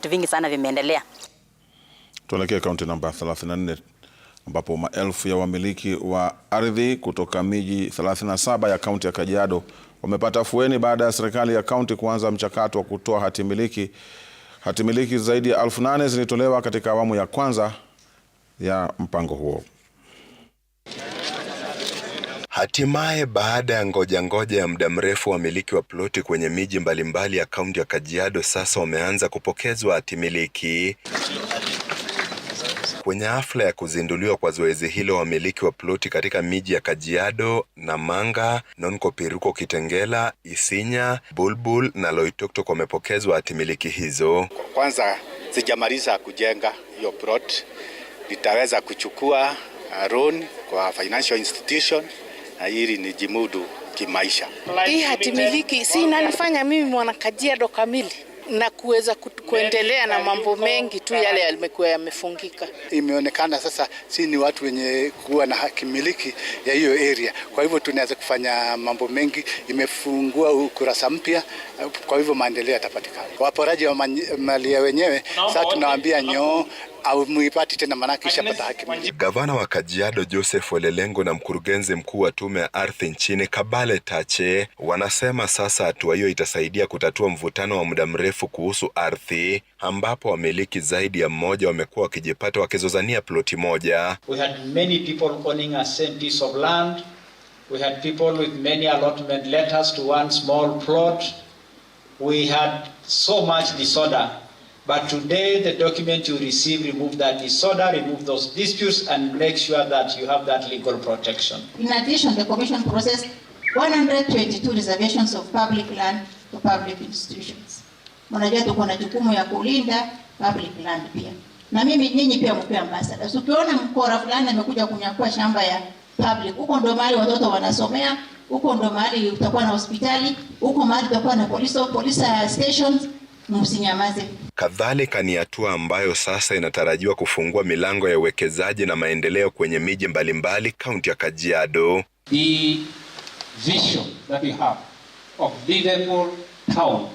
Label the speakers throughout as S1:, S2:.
S1: Vitu vingi sana vimeendelea.
S2: Tuelekee kaunti namba 34 ambapo maelfu ya wamiliki wa ardhi kutoka miji 37 ya kaunti ya Kajiado wamepata afueni baada ya serikali ya kaunti kuanza mchakato wa kutoa hati miliki. Hati miliki zaidi ya elfu nane zilitolewa katika awamu ya kwanza ya mpango huo.
S3: Hatimaye baada ya ngoja-ngoja ya muda mrefu wamiliki wa ploti kwenye miji mbalimbali ya kaunti ya Kajiado sasa wameanza kupokezwa hatimiliki. Kwenye hafla ya kuzinduliwa kwa zoezi hilo, wamiliki wa ploti katika miji ya Kajiado, Namanga, Nonkopiruko, Kitengela, Isinya, Bulbul na Loitoktok wamepokezwa hatimiliki hizo.
S4: Kwanza sijamaliza kujenga hiyo plot, nitaweza kuchukua uh, loan kwa financial institution na ili jimudu kimaisha.
S5: Hii hatimiliki si inanifanya mimi mwana Kajiado kamili na kuweza kuendelea na mambo mengi tu yale yamekuwa yamefungika.
S6: Imeonekana sasa si ni watu wenye kuwa na hakimiliki ya hiyo area, kwa hivyo tunaweza kufanya mambo mengi. Imefungua ukurasa mpya, kwa hivyo maendeleo yatapatikana. Waporaji wa mali ya wenyewe sasa tunawaambia nyoo au tena manake ishapata haki.
S3: Gavana wa Kajiado Joseph Ole Lengo na mkurugenzi mkuu wa tume ya ardhi nchini Kabale Tache wanasema sasa hatua hiyo itasaidia kutatua mvutano wa muda mrefu kuhusu ardhi ambapo wamiliki zaidi ya mmoja wamekuwa wakijipata wakizozania ploti moja.
S7: We had many people owning a piece of land. We had people with many allotment letters to one small plot. We had so much disorder. But today, the document you receive remove that disorder, remove those disputes, and make sure that you have that legal protection.
S8: In addition, the Commission processed 122 reservations of public land to public institutions. Unajua tuko na jukumu ya kulinda public land pia, na mimi nyinyi pia mpe ambassadors. Ukiona mkora fulani amekuja kunyakua shamba ya public, huko ndo mahali watoto wanasomea, huko ndo mahali utakuwa na hospitali, huko mahali utakuwa na police, police stations, msinyamaze.
S3: Kadhalika ni hatua ambayo sasa inatarajiwa kufungua milango ya uwekezaji na maendeleo kwenye miji mbalimbali kaunti ya Kajiado.
S7: The vision that we have of livable town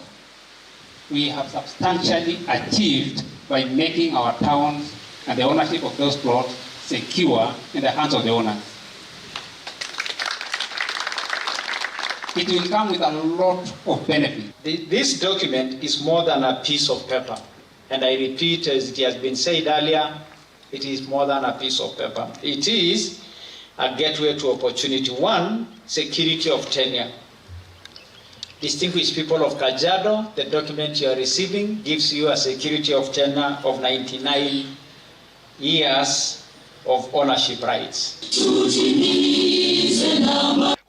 S7: we have substantially achieved by making our towns and the ownership of those plots secure in the hands of the owners. it will come with a lot of benefit. This document is more than a piece of paper. And I repeat, as it has been said earlier, it is more than a piece of paper. It is a gateway to opportunity. One, security of tenure. Distinguished people of Kajado, the document you are receiving gives you a security of tenure of 99 years of ownership rights.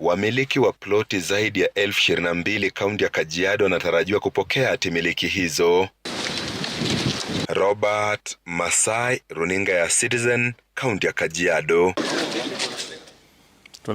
S3: Wamiliki wa ploti zaidi ya elfu ishirini na mbili kaunti ya Kajiado wanatarajiwa kupokea hati miliki hizo. Robert Masai, runinga ya Citizen, kaunti ya Kajiado.